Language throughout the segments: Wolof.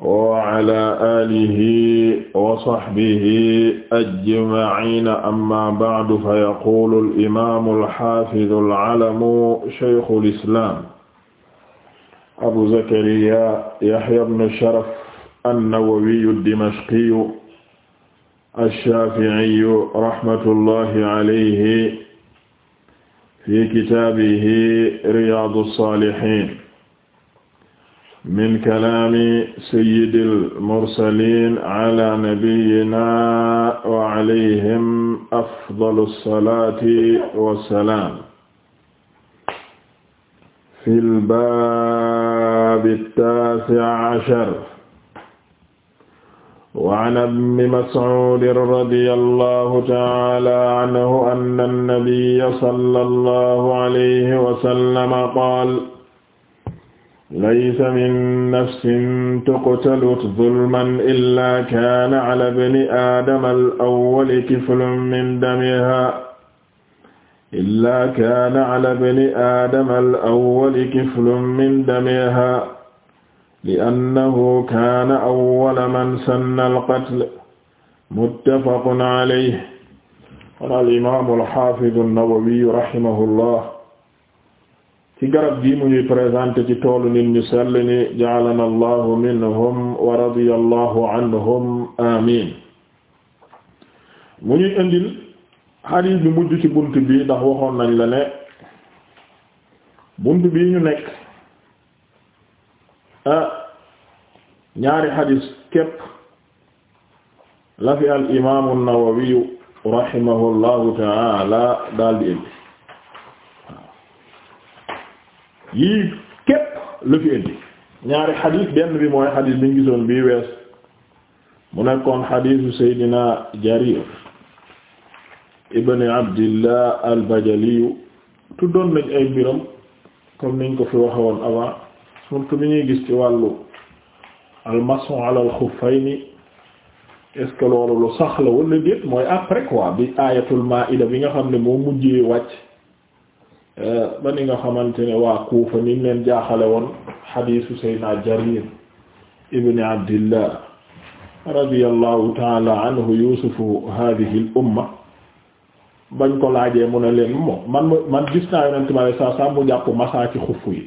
wala alihi wa sahbihi ajmaina amma baadu fa yaqulu alimamu alxafidu alalamu ceykhu lislam abu zakariya yahya bnu sharaf annawawiyu dimashqiyu alshaficiyu rahmatullahi alayhi fi kitaabihi riyaadu salihin min kalaami sayyidil mursaliin ala nabiyyinaa wa alayhim afdalu salaati wa salaam. fil baabi taasi cashar. wa can ibni Mascuud radiyallaahu ta'aalaa canhu anna nabiyya sallallahu alayhi wa sallam qaala laysa min nafsin tuqtalu zulman illaa kaana ala bani aadama al-awwali kiflun min damihaa illaa kaana ala bani aadama al-awwali kiflun min damihaa li'annahu kaana awwala man sanna al-qatl muttafaqun alayhi qaala al-imaamu al-haafidu an-nawawi rahimahullah ci garab gi mu ñuy présenté ci toolu nit ñu sell ja'alana allahu minhum wa radiya allahu anhum amin mu ñuy indil hadith bi mujj ci bunt bi ndax waxoon nañ la ne bunt bi ñu nekk ah ñaari hadith képp la fi al imaamu nawawiyu rahimahullahu taala daal di indi yii képp la fi indi ñaari xadis benn bi mooy xadis bi ñu gisoon bii wees mu nekkoon xadisu Seydina Jarir ibn Abdillah al tuddoon nañ ay biram comme niñ ko fi waxe woon avant surtout bi ñuy gis ci wàllu al-mashu ala al lu sax la wala déet mooy après quoi bi aayatul maa'ida bi nga xam ne moo mujjee wàcc Euh, ba ni nga xamante ne waa Kuufa ni leen jaaxale woon xadiisu Seydina Jarir ibn Abdillah radiyallahu taala anhu yusufu hadihi al umma ko laajee mu ne leen moom man man gis naa yonent ma saa saa mu jàpp masaa ci xuff yi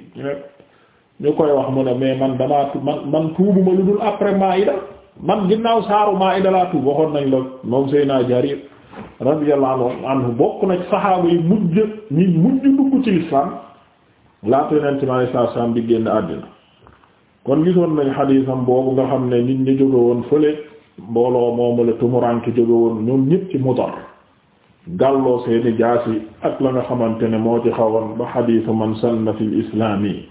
ñu koy wax mu ne mais man damaa man man tuubuma lu dul après Maïda man ginnaaw saaru Maïda laa tuub waxoon nañ la moom Seydina Jarir radiyallahu anhu bokk na ci saxaaba yi mujj ñi mujj dugg ci lislaam laata yonent mi alayhi salaam bi génn àddina kon gisoon nañ xadiisam boobu nga xam ne nit ñi jóge woon fële mbooloo moomu la tumuranke jóge woon ñoom ñépp ci Mudar gàlloo seeni jaasi ak la nga xamante ne moo ci xawoon ba xadiisu man sanna fil islaami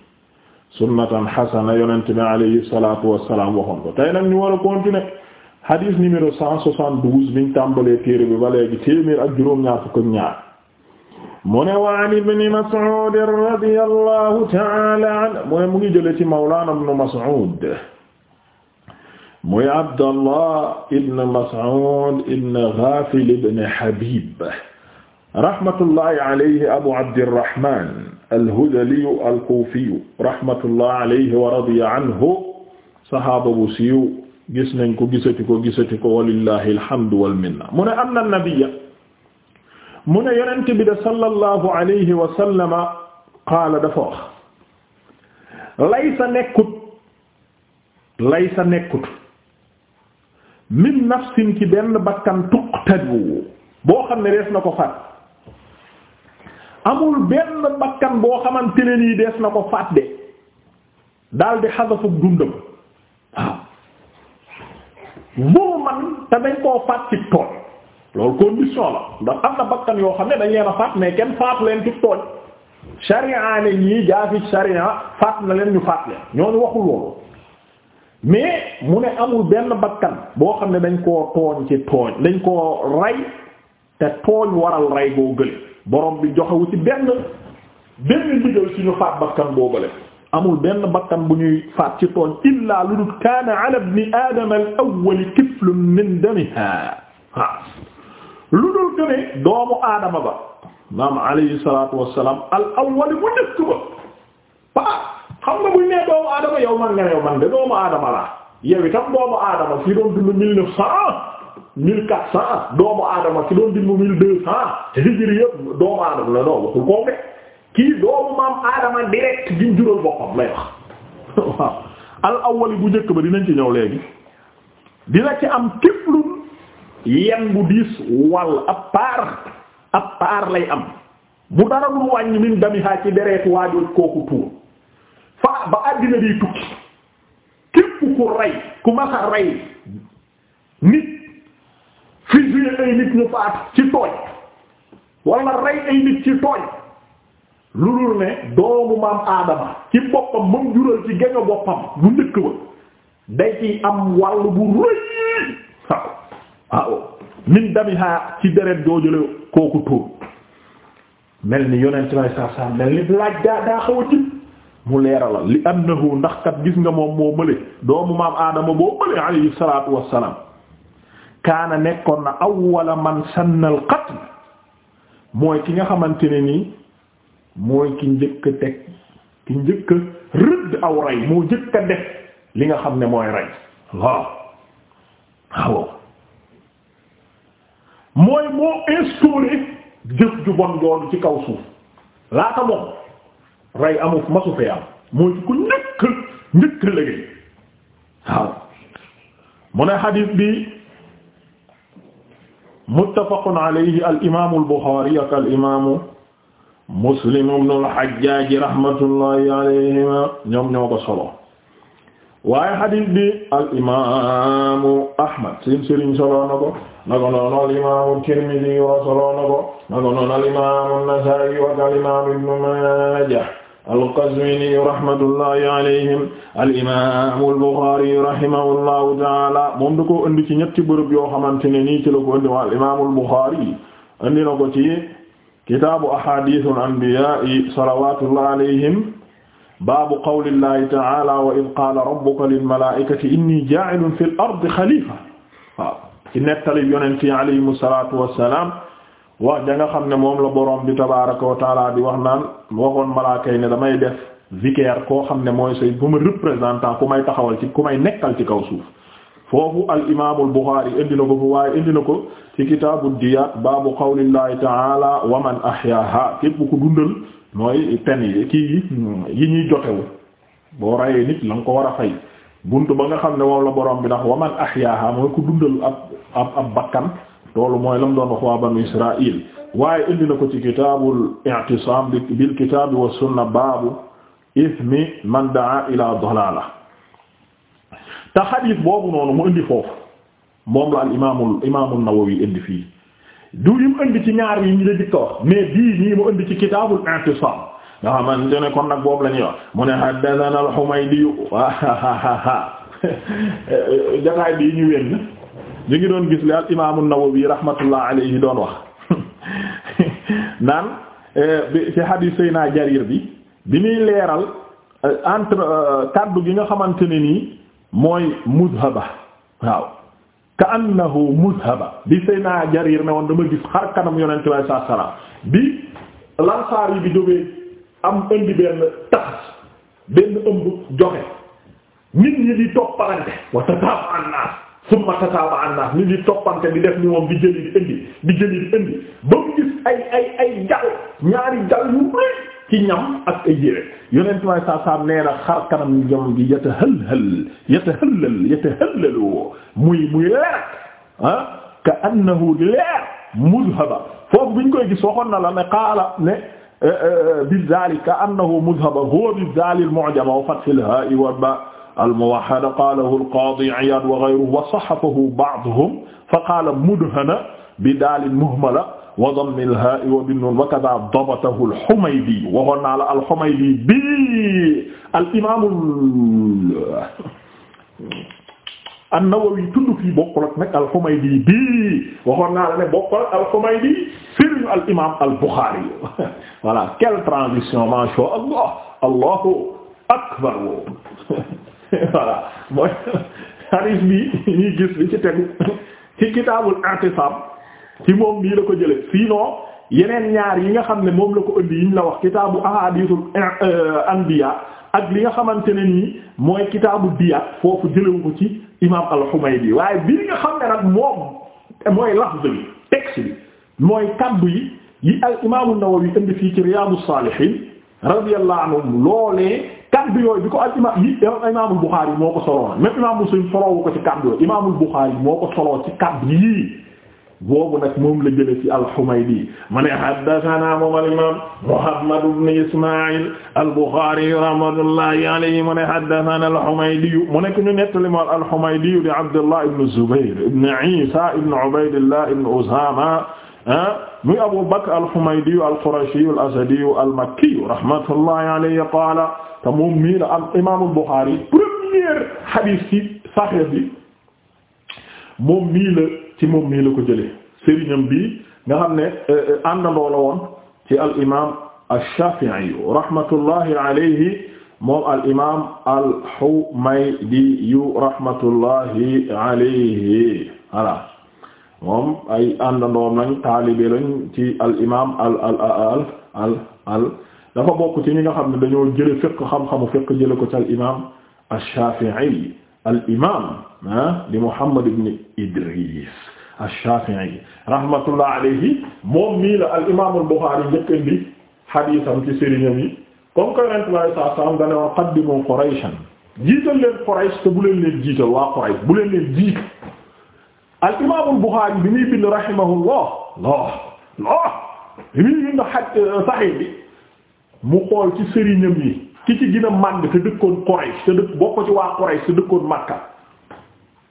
sunnatan xasana yonent bi alayhi salaatu wassalaam waxoon ko tey nag ñu war a continuer hadith numéro cent soixante-douze biñ tàmbalee téere bi ba léegi téeméer ak juróom-ñaar fukk ak ñaar mu ne wa an ibni Mas'ud radiyallahu ta'ala anhu mu ne mu ngi jële ci mawlana ibn Mas'ud muy Abdallah ibn Mas'ud ibn Ghafil ibn Habib rahmatullahi alayhi Abu Abdirrahman al-Hudhali al-Kufi rahmatullahi alayhi wa radiya anhu sahaaba bu siiw gis nañ ko gisati ko gisati ko walillahi alhamdu wal mu ne anna nabiyya mu ne yonent bi de sallallahu alayhi wa sallama qaala dafa wax laysa nekkut laysa nekkut min nafsin benn bakkan tuqtadu boo xam ne dees na ko faat amul benn bakkan boo xamante ne nii na ko faat de daal di xadafu dundam waaw man te dañ koo faat ci tooñ loolu condition la ndax am na bakkan yoo xam ne dañ leen a faat mais kenn faatu leen ci tooñ sharia ne ñii jaafi sharia faat na leen ñu faat leen ñooñu waxul loolu mais mu ne amul benn bakkan boo xam ne dañ koo tooñ ci tooñ dañ koo rey te tooñ waral rey boo gële borom bi joxewu ci benn benn ndigal suñu faat bakkan boo gële amul benn bakkan bu ñuy faat ci tooñ illaa lu dul kaana ala ibni aadama al awwal kiflun min damiha lu dul gëne doomu aadama ba maam alayhi salaatu wassalaam al awwal bu njëkk ba paa xam nga buñ nee doomu aadama yow man nga yow de doomu aadama laa yow itam doomu aadama fi doon dund mille neuf cent mille quatre cent doomu aadama fi doon dund mille deux cent hijri yëpp doomu la doo waxul koo kii doomu maam aadama direct bi jural boppam lay wax waaw al bu jëkk ba dinañ ci ñëw léegi dina ci am képp lu yen bu diis wàll ab paar lay am bu dara dul wàññi min damihaa ci dereet waajur kooku tuur fa ba àddina di tukki képp ku rey ku masa rey nit fusiller ay nit ñu faat ci tooñ wala rey ay nit ci tooñ lu dul ne doomu maam aadama ci boppam moom ci geño boppam bu njëkk ba day ci am wàll bu rëy waaw min damiha ci deret joojule kooku tuub mel ni yonent lay saar mel ni laaj daa daa xaw a tibb mu leeralal li annahu ndax kat gis nga moom moo mële doomu maam aadama boo mële alayhi salaatu wassalaam kaana nekkoon na awwala man sannal qatl mooy ki nga xamante ne nii mooy ki njëkk teg ki njëkk rëdd aw rey moo njëkk a def li nga xam ne mooy rey waaw waaw mooy moo instauré jëf ju bon loolu ci kaw suuf laata moom rey amuf masu fee am mooy ku njëkk njëkk liggéey waaw mu ne xadiis bi muttafaqun alayhi al imaamu al buxaari ak al imaamu muslim ibn al-Hajjaj rahmatullahi alayhima ñoom ñoo ko solo waaye hadith bi al imaamu Ahmad seen sëriñ solo na ko naka noonu al imaamu Tirmidhi wa solo na ko naka noonu al imaamu Nasa'i wa al imaamu Ibn Majah al-Qazwini rahmatullahi alayhim al imaamu al-Bukhari rahimahullahu ta'ala moom da koo indi ci ñetti bërëb yoo xamante ne nii ci la ko indi wa al imaamu al-Bukhari indi na ko ci. kitaabu ahadiisul anbiyaa'i salawaatullahi alayhim baabu qawlillahi ta'aala wa iz qaala rabbuka lil malaa'ikati innii jaa'ilun fil ardi xaliifa waaw ci nettali yonent yi alayhimu salaatu wa salaam nga xam ne moom la boroom bi tabaaraka wa ta'aala di wax naan waxoon malaaka damay def vicaire koo xam ne mooy say bu ma représentant ku may taxawal ci ku may nekkal ci kaw foofu al imaamul indi na ko fu waaye indi na ko ci kitaabu diyaat baabu qawlillahi ta'ala wa man ahyaaha képp ku dundal mooy pen yi kii yi ñuy jotewu boo rayee nit la ko war a fay buntu ba nga xam ne moom la borom bi nax wa man ahyaaha mooy ko dundal ab ab bakkan loolu mooy la mu doon wax waa banu Israaïl waaye indi na ko ci kitaabul i'tisaam bil kitaabi wa sunna baabu ismi man daa ila dalaala te xadiis boobu noonu mu indi foofu moom la al imaamul imaamul Nawawi indi fii du yi mu indi ci ñaar yi ñu la jëkk a wax mais bii mu indi ci kitaabul i'tisaam nga xamante ne kon nag boobu la ñuy wax mu ne haddathana al-Humaydi jakaay bii ñu wenn ñu ngi doon gis li al imaamul Nawawi rahmatullah alayhi doon wax naan eh, ci xadiis Seydina Jarir bi bi ñuy leeral eh, entre eh, kaddu gi nga xamante ne nii mooy mudhaba waaw ka annahu mudhaba bi sayna jarir ne woon dama gis xar kanam yonent bi saa salaam bi lansaar yi bi jógee am indi benn taxas benn ëmb joxe nit ñi di toppalante wa tataaba annaas summa tataaba annaas nit ñi toppante di def ni moom di jëli di di jëli di ba mu gis ay ay ay jal ñaari jal yu rëy ci ñam ak ay yére yonent may saa saam nee na xar kanam ñam gi yata hël hël yata hëllal yata hëllaloo muy muy leer ah ka annahu leer muzhaba foofu buñ koy gis waxoon na la ne qaala ne eh, eh, bi zalik ka annahu muzhaba huwa bi zalil mu'jama wa fathil ha'i wa ba al muwahhada qaalahu al qaadi Iyaad wa ghayruhu wa sahhafahu ba'duhum fa qaala mudhana bi daalin muhmala wa dammil haa wa bin nuun wa kadaa dabatahu al-Humaydi waxoon naa la al-Humaydi bi al-imaam an-Nawawi tudd fii bokkul ak nag al-Humaydi bi waxoon naa la ne bokkul ak al-Humaydi sëriñ al-imaam al-Bukhari voilà quelle transition ma sha Allah Allahu akbar voilà mooy hadith bi ñuy gis li ci tegu ci kitaabul i'tisaam ci moom nii la ko jële sinon yeneen ñaar yi nga xam ne moom la ko indi yiñ la wax kitaabu ahadisul eh, anbiya ak li nga xamante ne nii mooy kitaabu diya foofu jëlewu ko ci imam al-Humaydi waaye bi nga xam ne nag moom mooy lafz bi texte bi mooy kaddu yi yi al imam an-Nawawi indi fii ci Riyadus Salihin radiyallahu anhum loolee kaddu yooyu bi ko al imam yi eh, imamul Bukhari moo ko soloo même imam Muslim soloowu ko ci kaddu yooyu imamul Bukhari moo ko soloo ci kaddu yii boobu nag moom la jële ci al-Humaydi mu ne haddathana moom al-imam Muhammad ibn Isma'il al-Bukhari rahmatullahi alayhi mu ne haddathana al-Humaydi mu nekk ñu nettali moom al-Humaydi di Abdullah ibn Zubayr ibn Isa ibn Ubaydillah ibn Usama ah, muy Abu Bakr al-Humaydi al-Qurashi al-Asadi al-Makki rahmatullahi alayhi qaala te moom mii la am imam al-Bukhari premier hadith ci Sahih bi moom mii la ci moom mii la ko jëlee sëriñam bii nga xam ne euh, euh, àndandoo la woon ci al imaam ash-Shafi'i rahmatullahi alayhi moom al imaam al-Humaydi rahmatullahi alayhi voilà moom ay àndandoom lañ taalibe lañ ci al imaam al al al al al dafa bokk ci ñi nga xam ne dañoo jële fiqh xam-xamu fiqh jële ko ci al imaam al imam ah di Muhammad ibn Idris ash-Shafi'i rahmatullah alayhi moom mii la al imam al Bukhari njëkk indi xadiisam ci sëriñam yi comme que Yonent bi sallallahu alayhi wa sallam da ne woon qaddimu Qurayshan jiital leen Quraysh te bu leen leen jiital waa Quraysh bu leen leen jiit al imam al Bukhari bi muy bind rahimahullah Allah Allah bi muy bind eh, Sahih bi mu xool ci sëriñam yi. ki ci gën a màgg te dëkkoon Quraysh te dëkk dëkkoon Makka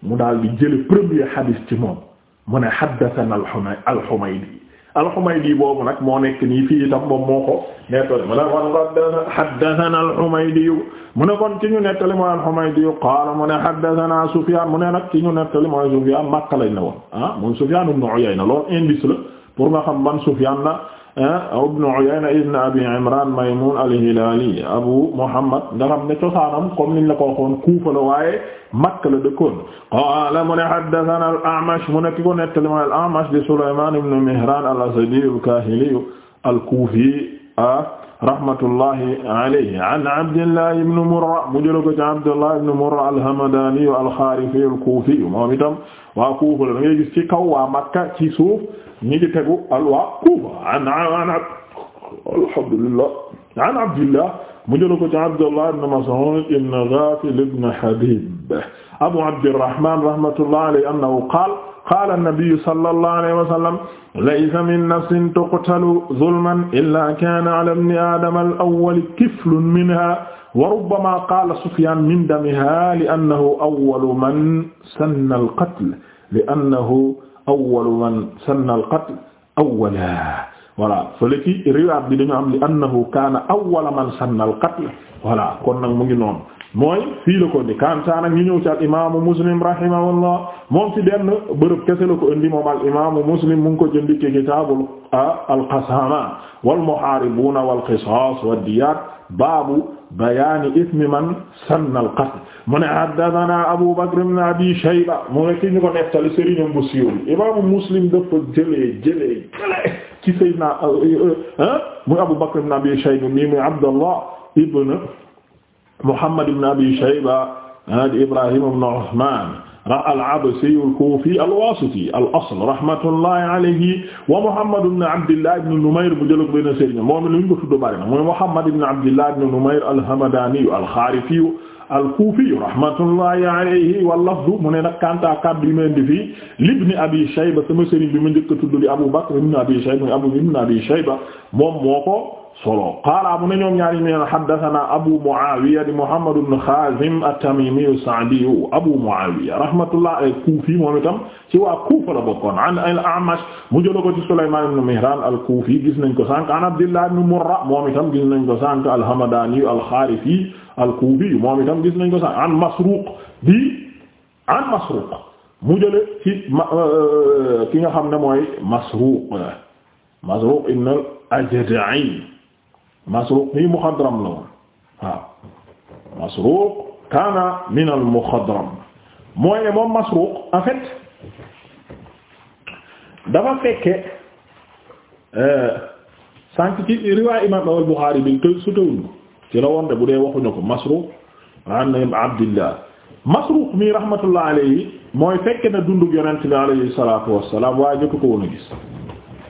mu daal di jële premier hadith ci moom mu ne haddathana al-Humaydi al-Humaydi boobu nag moo nekk nii fii itam moom moo ko nettali mu ne kon haddathana al-Humaydi mu ne kon ci ñu nettali mooy al-Humaydi qaala mu ne haddathana Sufyaan mu ne nag ci ñu nettali mooy Sufyaan Makka lañ ne woon ah moom Sufyaan ibn Uyayna loolu la pour nga xam ban Sufyaan la Ah, ibn Uyayna ibn Abi Imran Maymun al-Hilali Abu Muhammad nga xam ne cosaanam comme niñ la ko waxoon Kuufa la waaye Makka la dëkkoon qaala mu ne haddathana al-A'mash mu ne ki ko nettali mooy al-A'mash di Sulaymaan ibn Mihraan al-Asadi al-Kaahili al-Kuufi ah, rahmatullahi alayhi an Abdillahi ibn Murra mu jël ko ci Abdillahi ibn Murra al-Hamdaani al-Khaarifi al-Kuufi moom itam waa Kuufa la da ngay gis ci kaw waa Makka ci suuf ñi ngi tegu al waa Kuufa ana alhamdulillah an Abdillah mu jëla ko ci Abdullah ibn Mas'ud ibn Ghafil ibn Habib Abu Abdirrahman rahmatullah alayhi annahu qaala qaala an-nabiyyu sallallahu alayhi wa sallam laysa min nafsin tuqtalu zulman illaa kaana ala ibni aadama al-awwali kiflun minhaa wa rubbamaa qaala Sufyaan min damihaa li'annahu awwalu man sanna al-qatl li'annahu awwalu man sanna al-qatl awwalan voilà fële ci riwaat bi dañu am li'annahu kaana awwala man sanna al-qatl voilà kon nag mu ngi noonu mooy fii la ko indi kantaan ak ñu ñëw al imaamu muslim rahimahullah moom ci benn bërëb kese la ko indi moom al imaamu muslim mu ngi ko jëndi ci kitaabul alqasaama wal muhaaribuuna wal qisaas wad diyaat baabu bayaani ismi man sanna al qatl mu ne abu bakr ibn abi shayba mu abu bakr ibn abi shayba mi muy abdallah ibn Muhammad ibn Abi Shayba ah, di Ibrahim ibn Usman al-Absi al-Kufi al-Wasiti al-asl rahmatullahi alayhi wa Muhammad ibn Abdillah ibn Numayr bu jëlog benn sëriñ moom lu ñu ko tudd bari na mooy Muhammad ibn Abdillah ibn Numayr al-Hamadani al-Kharifi al-Kufi rahmatullahi alayhi wa lafdu mu ne nag kanta kaddu yi meen di fii libni Abi Shayba sama sëriñ bi ma njëkk a tudd di Abu Bakr ibn Abi Shayba Abu ibn Abi Shayba moom moo ko solo qaala mu ne ñoom ñaari men haddathana Abu Muawiya di Muhammad ibn Khazim at-Tamimi as-Sa'di Abu Muawiya rahmatullah al-Kufi moom itam ci waa Kufa la bokkoon an al-A'mash mu jëla ko ci Sulayman ibn Mihran al-Kufi gis nañ ko sànq an Abdillah ibn Murra moom itam gis nañ ko sànq al-Hamadani al-Kharifi al-Kufi moom itam gis nañ ko sànq an Masruq bi an Masruq mu jële ci euh, ki nga xam ne mooy Masruq Masruq ibn al-Ajda'i Masruq fii muxadram la woon waaw Masruq kaana min al muxadram mooy ne moom Masruq en fait dafa fekke euh, riwaay imaam al Buxaari bi te su tawul ci la woon bu dee waxuñu ko Masruq an Abdillah Masruq mi rahmatullah alayhi mooy fekke na dundug yonent bi alayhi salaatu wassalaam waaye jotu ko woon a gis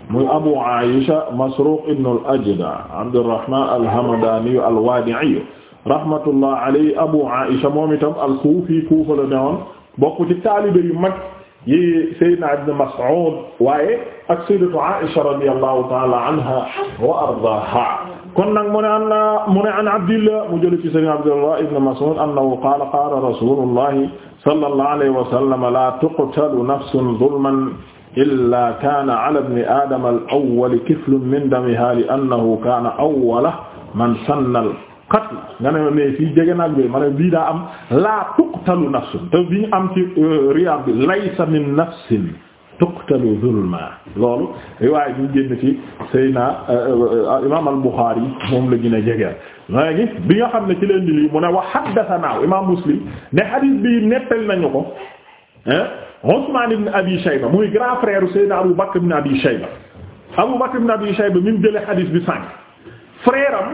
muy Abu Aisha Masruq ibn al-Ajda' Abdurrahman al-Hamdani al-Wadi'i rahmatullah alayhi Abu Aisha moom itam al-Kufi Kufa la newoon bokk ci taalibe yu mag yi Sayyidina Ibn Mas'ud waaye ak Sayyidatu Aisha radiyallahu ta'ala anha wa ardaaha kon nag mu ne an na mu ne an Abdillah mu jël ci Sayyidina Abdullah ibn Mas'ud annahu qaala qaala rasulullah sallallahu alayhi wa sallam la tuqtalu nafsun zulman illaa kaana ala ibni aadama al awwali kiflun min damihaa li annahu kaana awwala man sanna al qatl nga ne ne fii jege naag bi ma ne bii daa am laa tuqtalu nafsun te bi ñu am ci euh, riyaad bi laysa min nafsin tuqtalu zulma loolu riwaay bi ñu génn ci Seyna euh, euh, imaam al-Bukhari moom la gën a jege léegi bi nga xam ne ci leen di lii mu ne wa haddathanaa imaam Muslim ne hadith bi nettali nañu ko ah. Usman ibn Abi Shayba muy grand frère Seydina Abu Bakr ibn Abi Shayba Abu Bakr ibn Abi Shayba mi mu jëlee hadith bi sànq frère am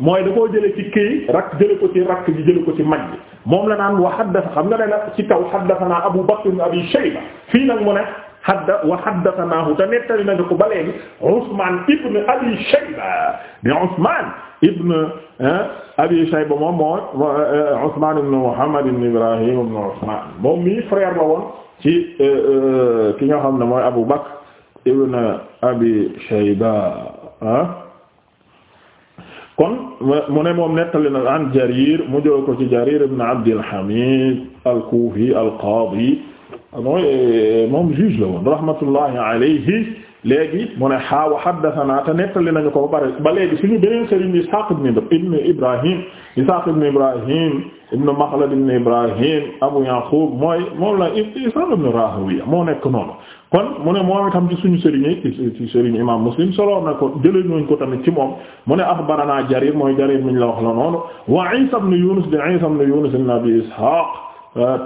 mooy da koo jëlee ci kii rakk jëlee ko ci rakk ji jëlee ko ci mag ji moom la naan wa haddatha xam nga ne nag ci kaw haddathanaa Abu Bakr ibn Abi Shayba fii nag mu ne hadda wa haddathanaahu te nettali nañu ko ba léegi Usman ibn Abi Shayba di Usman ibn Abi Shayba moom mooy Usman ibn Muhammad ibn Ibrahim ibn Usman moom mii frère la woon. ci euh, euh, ki nga xam ne mooy Abu Bakr ibn Abi Shayba kon mu ne moom nettali na an Jarir mu jël ko ci Jarir ibn Abdil Hamid al-Kufi al-Qadi mooy euh, moom juge la woon rahmatullahi alayhi léegi mu ne xaawa haddathana te nettali nañu ko ba pare ba léegi suñu beneen sëriñ Ishaq ibn Ibrahim Ishaq ibn Ibrahim ibn Makhlad ibn Ibrahim Abu Yaqub mooy moom la Ishaq ibn Rahawiya moo nekk noonu kon mu ne moom itam ci suñu sëriñ yi ci sëriñ imam Muslim solo na ko jëlee nañ ko tamit ci moom mu ne akhbarana Jarir mooy Jarir mi la wax la noonu wa Isa ibn Yunus de Isa ibn Yunus ibn Abi Ishaq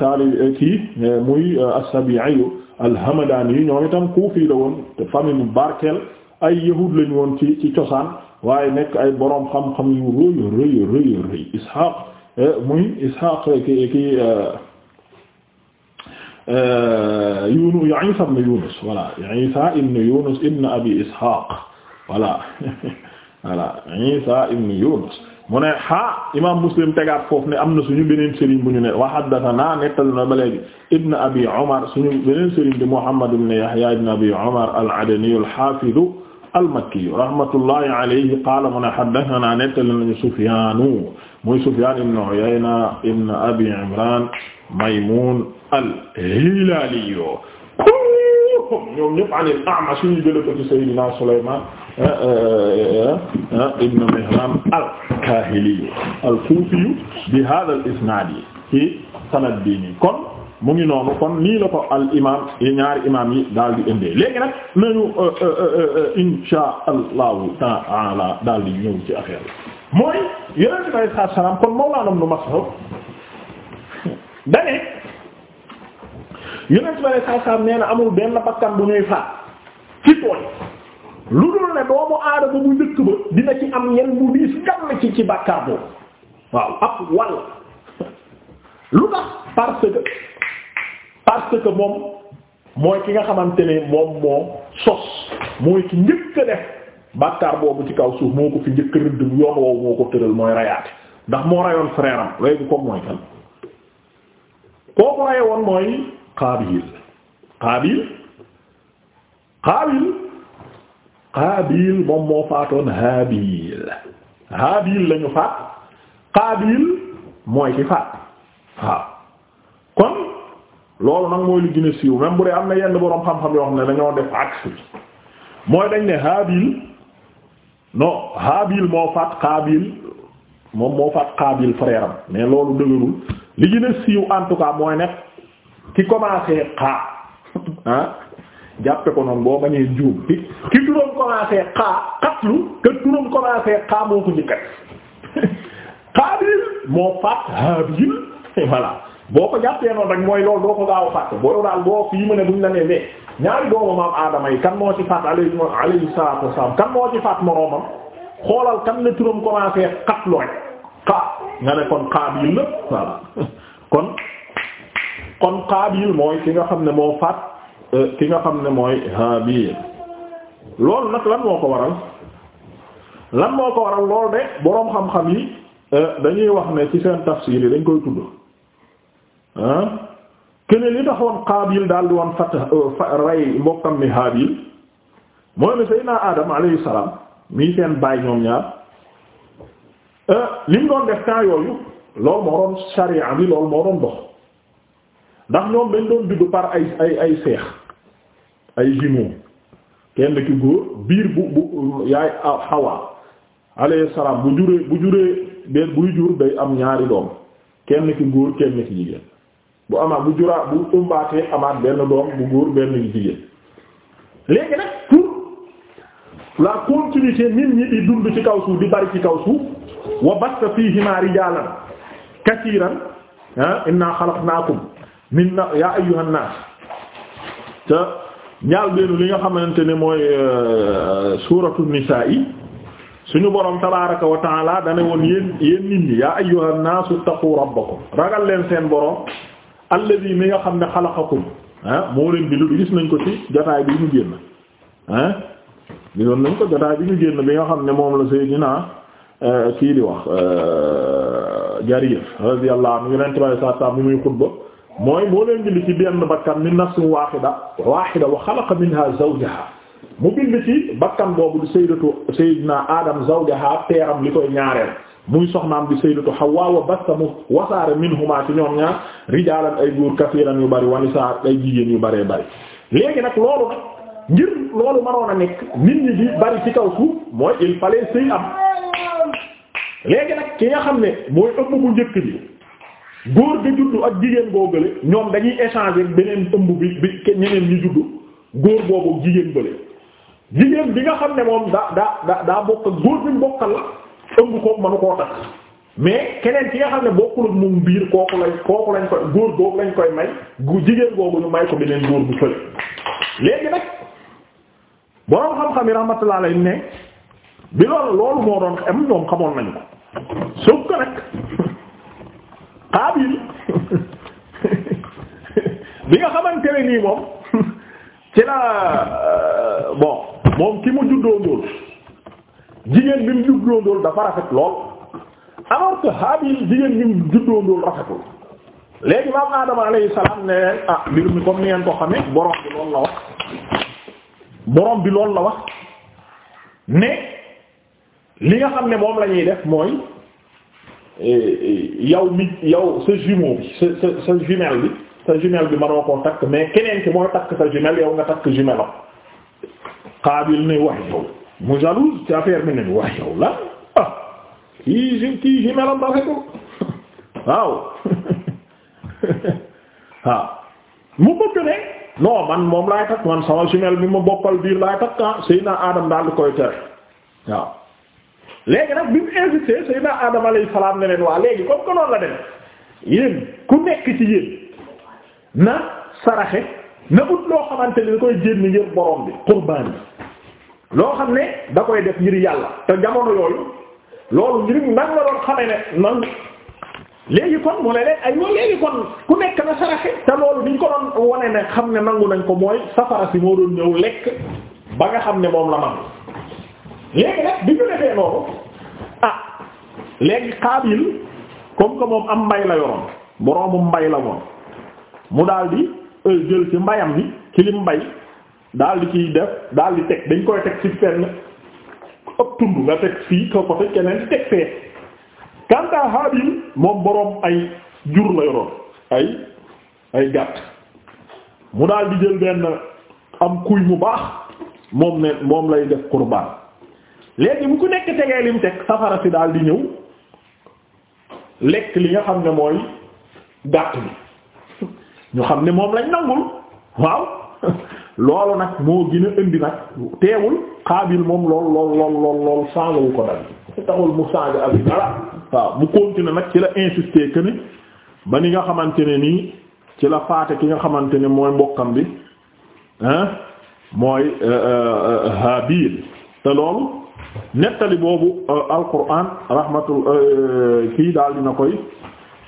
taali kii muy as-Sabi'i alhamadaan yi ñoom itam kuufi la woon te famille bu barkeel ay yahud lañu woon ci ci cosaan waaye nekk ay boroom xam-xam yu rëy rëy rëy rëy Ishaq eh, muy Ishaq ki ki eh, eh, Yunus Isa ibn Yunus voilà Isa ibn Yunus ibn Abi Ishaq voilà voilà Isa ibn Yunus mu ne ha imaam muslim tegaat foofu ne am na suñu beneen sëriñ bu ñu ne wa haddathana nettali na ba léegi ibn abi omar suñu beneen sëriñ di muhammad ibn yahya ibn abi omar al-adani al-hafiz al-makki rahmatullahi alayhi qaala mu ne haddathana nettali nañu sufyaanu muy sufyaan ibn uyayna ibn abi imran maymun al-hilali ñoom ñëpp an al-a'mash suñu jële ko ci sayyidina sulaymaan Eh, eh, eh, ibn Mihram al-Kahili al-Kufi bi hadha al-isnad yi ci sanad bi nii kon mu ngi noonu kon nii la ko al imam ñaari imam yi daal di indee nag nañu insha allahu taala daal di ñëw ci affaire bi mooy yonente bi alei satu kon mawlaana Ibn Mas'ud dane yonente bi alei satu salam nee amul benn bakkan bu ñuy faat ci tooñ lu dul ne doomu aadama bu njëkk ba dina ci am yenn bu diis gàmm ci ci bàkkaar boobu waaw ab wàll lu tax parce que parce que moom mooy ki nga xamante ne moom moo sos mooy ki njëkk def bàkkaar boobu ci kaw suuf moo ko fi njëkk a rëdd yoon woowu moo ko tëral mooy rayaate ndax moo rayoon frère am léegi comme mooy kan koo ko raye woon mooy Qaabil Qaabil Qaabil qaabil moom moo faatoon haabil haabil lañu faat qaabil mooy ki faat waaw kon loolu nag mooy li gën a siiw même bu dee am na yenn boroom xam-xam yoo xam ne dañoo def axe mooy dañ ne haabil non haabil moo faat qaabil moom moo faat qaabil frère am mais loolu dëgërul li gën siiw en tout cas mooy nekk ki commencé xaa ah, jàppe ko noonu boo bañee juum ki ki turam commencé xaa xatlu ke turam commencé xaa moo ko njëkkat xaabil moo faat haabil voilà boo ko jàppee noonu rek mooy loolu doo ko gaaw fàtte boo daal boo fii mu ne buñ la nee mais ñaari doomu maam aadama yi kan moo ci faat alayhi alayhi salaatu wasalaam kan moo ci faat moroomam xoolal kan la turam commencé xatlu rek xaa nga ne kon xaabil la voilà kon kon xaabil mooy ki nga xam ne moo faat Euh, ki nga xam ne mooy Haabil loolu nag lan moo ko waral lan moo ko waral lool de boroom xam-xam yi euh, dañuy wax ne ci seen tafsiir yi dañ koy tudd ah li taxoon Qaabil daal di woon fat euh, rey mbokkam mi Haabil mooy ne Seydina Adam alayhi salaam mii seen baay ñoom ñaar li mu doon def temps yooyu loolu moo doon sariya bi moo doon dox. ndax ñoom dañ doon juddu par ay ay ay seex ay jumeaux kenn ki góor biir bu bu yaay ah, Hawa alayhi salaam bu juree bu juree benn buy jur day am ñaari doom kenn ki góor kenn ki jigéen bu amaat bu juraa bu ëmbaatee amaat benn doom bu góor benn jigéen léegi nag pour la continuité nit ñi di dund ci kaw suuf di bari ci kaw suuf wa basta fiihimaa rijaalan kasiiran ah innaa xalaqnaakum min na yaa ayyuhan naas te ñaal beenu li nga xamante ne mooy euh, suuratu nisaa yi suñu borom tabaaraka wa taala dane woon yéen yéen nit ñi yaa ayyuhan naas ittaqu rabbakum ragal leen seen borom alladhi mi nga xam ne xalaqakum ah moo leen bindu gis nañ ko ci jotaay bi ñu génn ah, ko jotaay bi ñu génn bi nga xam ne moom la Seydina euh, kii di wax euh, Jarir radiyallahu anhu yonent bi sallallahu alayhi wa sallam muy xutba mooy moo leen bind ci benn bakkan min nafsin wahida wahida wa xalaqa minha zawjaha mu bind ci bakkan boobu di sayyidatu sayyidina adam zawjaha peeram li koy ñaareel muy soxnaam di sayyidatu Hawa wa bastamu wasaare minhuma ci ñoom ñaar rijaalan ay góor kasiiran yu bari wa nisaa ay jigéen yu bëree bëri léegi nag loolu nag ngir loolu mënoon a nekk nit ñi di bari ci kaw suuf mooy il fallait sëy am léegi nag ki nga xam ne mooy ëmb bu njëkk bi góor ga juddu ak jigéen boo gële ñoom dañuy échanger beneen ëmb bi bi ñeneen ñu juddu góor boobu jigéen bële jigéen bi nga xam ne moom daa daa daa bokk ak góor bi bokkal la ëmb ko manu koo tax mais keneen ki nga xam ne bokkul ak moom biir kooku lañ kooku lañ koy góor boobu lañ koy may jigéen boobu ñu may ko beneen góor bu fële léegi nag boroom xam-xam yi rahmatullah alayhi ne bi loolu loolu moo doon am ñoom xamoon nañ ko sauf que nag Qaabil bi nga xaman ne nii moom ci la euh, bon moom ki mu juddoo ndóol jigéen bi mu juddoo ndóol dafa rafet lool alors que Haabil jigéen bi mu juddoo ndóol rafetul léegi maam Adama alayhi ne ah mbir mi comme ni ngeen ko xamee borom bi loolu la wax borom bi loolu la wax ne li nga xam ne moom la ñuy def mooy. yow mi yow sa jumeau bi sa sa sa jumelle bi sa jumelle bi mënoo koo takk mais keneen ki mooy takk sa jumelle yow nga takk jumelle am Qaabil ne wax yow mu jalouse ci affaire bi ne wax yow la ah kii ju kii jumelle am rafetul waaw mu bëgg ne non man moom laay takk man sama jumelle bi ma bokkal biir laay takk ah Seydina Adam daal di koy tere waaw. léegi nag bi mu invité Seydina Adama alayhi salaam ne waa léegi comme que noonu la dem yéen ku nekk ci yéen na saraxe na ut loo xamante ni koy jéem ngir borom bi qurbaan bi loo xam ne da koy def ngir yàlla te jamono yooyu loolu ngir nan la doon xamee ne nan léegi kon mu ne leen ay wa léegi kon ku nekk na saraxe te loolu niñ ko doon wone ne xam ne nangu nañ ko mooy safara si moo doon ñëw lekk ba nga xam ne moom la man léegi nag bi ñu defee loolu ah léegi Qaabil comme que moom am mbay la yoroon boroomu mbay la woon mu daldi euh, jël ci mbayam bi ci mbay daal di ciy def daal teg dañ koy teg ci fenn ëpp tund nga teg fii ko ko keneen teg fee kanta Haabil moom boroom ay jur la yoroon ay ay gàtt mu daal di jël benn am kuy mu baax moom ne moom lay def kurban léegi bu ku nekk tegee lim teg safara si daal di ñëw lekk li nga xam ne mooy gàtt bi ñu xam ne moom lañ nangul waaw loolu nag moo gën a indi nag teewul xaabil moom lool lool lool lool lool ko dal taxul mu sanga abi dara waaw mu continuer nag ci la insister que ni ba ni nga xamante ne nii ci la faate ki nga xamante ne mooy mbokkam bi hein mooy Haabil euh, euh, euh, te loolu nettali boobu euh, alquran rahmatul euh, kii daal dina koy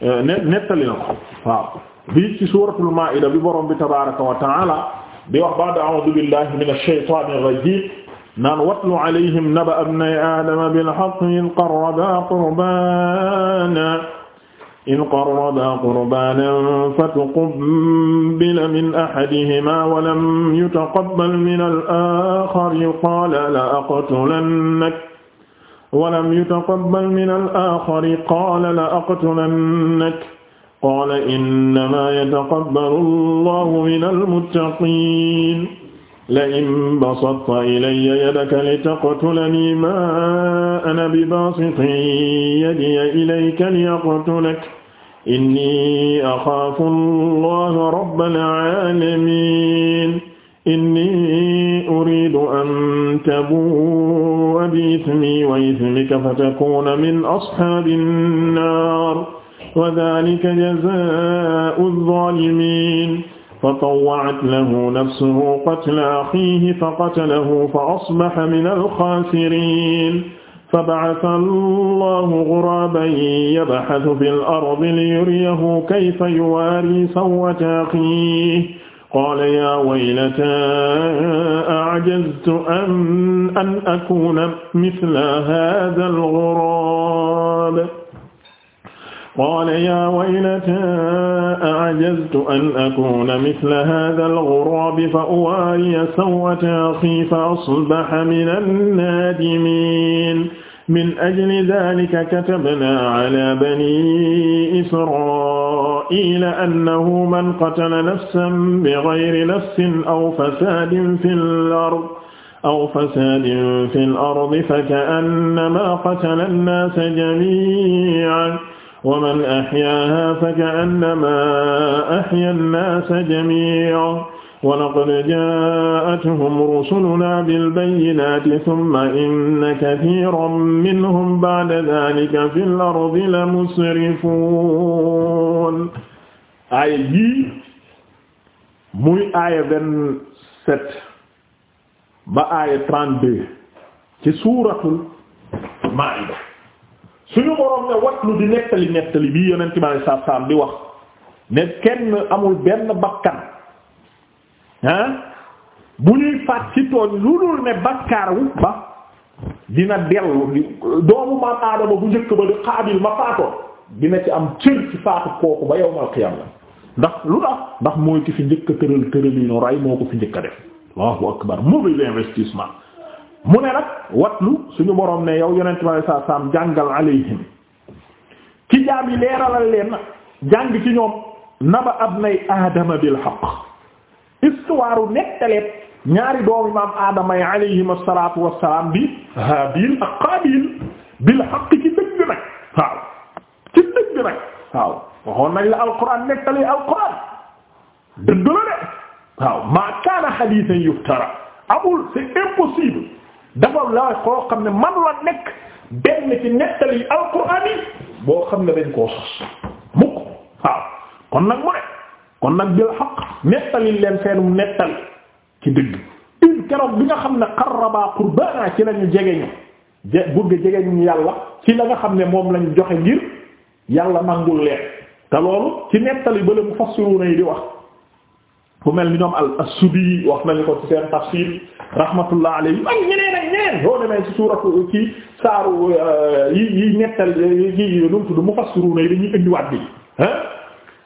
euh, nettali na ko waaw bi ci suratul maida bi borom bi tabaraka wa taala bi wax ba'da a'udhu billahi minash shaytanir rajim naan watlu alayhim naba ibni adama bil haqqi in qarraba qurbana إذ قربا قربانا فتقبل من أحدهما ولم يتقبل من الآخر قال لأقتلنك ولم يتقبل من الآخر قال لأقتلنك قال إنما يتقبل الله من المتقين la in basatta ilayya yadaka litaqtulani ma ana bibasitin yadiya ilayka liyaqtulak inni axaafu allaha rabbal aalamiin inni uridu an tabuu'a bi ismi wa ismika fatakuuna min ashaabin naar wa zaalika jazaa'u zaalimiin fatawwa'at lahu nafsuhu qatla akhihi faqatalahu fa asbaha mina al-khasirin faba'atha Allahu ghuraban yabhathu fil ardi liyuriyahu kayfa yuwaari saw'ata akhihi qaala yaa waylataa a'jaztu an an akuuna mithla haadha al-ghuraab qaala yaa waylataa a'jaztu an akuuna misla haazal ghuraabi fa uwaariya saw'ata axii fa asbaha minan naadimiin min ajli zaalika katabnaa alaa banii israa'iila annahu man qatala nafsan bighayri nafsin aw fasaadin fil ard aw fasaadin fil ardi fakaannamaa qatala annaasa jamii'an wa man ahyaahaa fakaannamaa ahyaa an-naasa jamii'an wa laqad jaa'athum rusulunaa bil-bayyinaati thumma inna kathiiran minhum ba'da dhaalika fil ardi lamusrifuun. aaya bii muy aaya vingt-sept ba aaya trente-deux ci suuratul Maa'ida suñu borom ne watlu di nettali nettali bii yonent bi alayhi salaatu salaam di wax ne kenn amul benn bakkan ah bu ñuy faat ci tooñ lu dul ne bakkaar wu ba dina dellu doomu maam aadama bu njëkk ba di xaabil ma faatoon dina ci am cër ci faatu kooku ba yawmal qiyaama ndax lu tax ndax mooy ki fi njëkk a tëral yi ñu rey moo ko fi njëkk a def Allahu akbar mauvais investissement mu ne nag watlu suñu boroom ne yow yonent bi sallallahu alayhi wasallam jàngal alayhim ci jaam yi leeralal ñoom naba abnay aadama bil haqq histoire nettaleeb ñaari doomi maam aadama yi alayhim assalaatu wassalaam bi haabil ak qaabil bil haqq ci dëgg nag waaw ci dëgg nag waaw waxoon nañ la alquran nettalee alquran dëgg la de waaw maa kaana hadiisan yuftara amul c'est impossible dafa la koo xam ne man la nekk benn ci nettali alquran yi boo xam ne dañ koo sos mukk waaw kon nag mu ne kon nag bil xaq nettali leen seen nettali ci dëgg une keroog bi nga xam ne qarraba qurbana ci lañu jegeñu je bëgg jegeñu yàlla ci la nga xam ne moom lañu joxe ngir yàlla nangul leen te loolu ci nettali ba la mufassiruna yi di wax fu mel ni ñoom al-Assubi wax nañu ko ci seen tafsir rahmatullah alayhi ak ñeneen ak demee ci suuratu ci saaru euh, yi yi nettal yi du mu tudd mufassiruna yi waat bi ah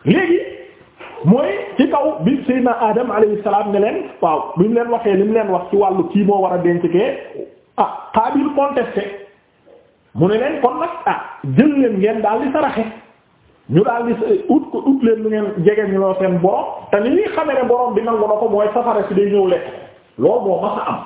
léegi mooy ci kaw bi Seydina Adam alayhi salaam ne waaw bi mu leen waxee li mu leen wax ci wàllu kii moo war a denc kee ah Qaabil contesté mu ne leen kon nag ah jël leen ngeen daal di saraxe. ñu daal di ut ko ut leen lu ngeen jege ñu loo seen borom te ni ñuy xamee ne borom bi nangu na ko mooy safara si day ñëw lekk loolu moo mas a am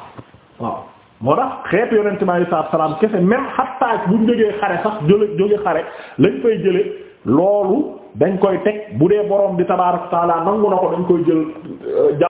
waaw moo tax xeet yonente mi alayhi salaatu salaam kese même xatta buñ jógee xare sax jóle jóge xare lañ fay jële loolu dañ koy teg bu dee borom bi tabaaraka taala nangu na ko dañ koy jël euh,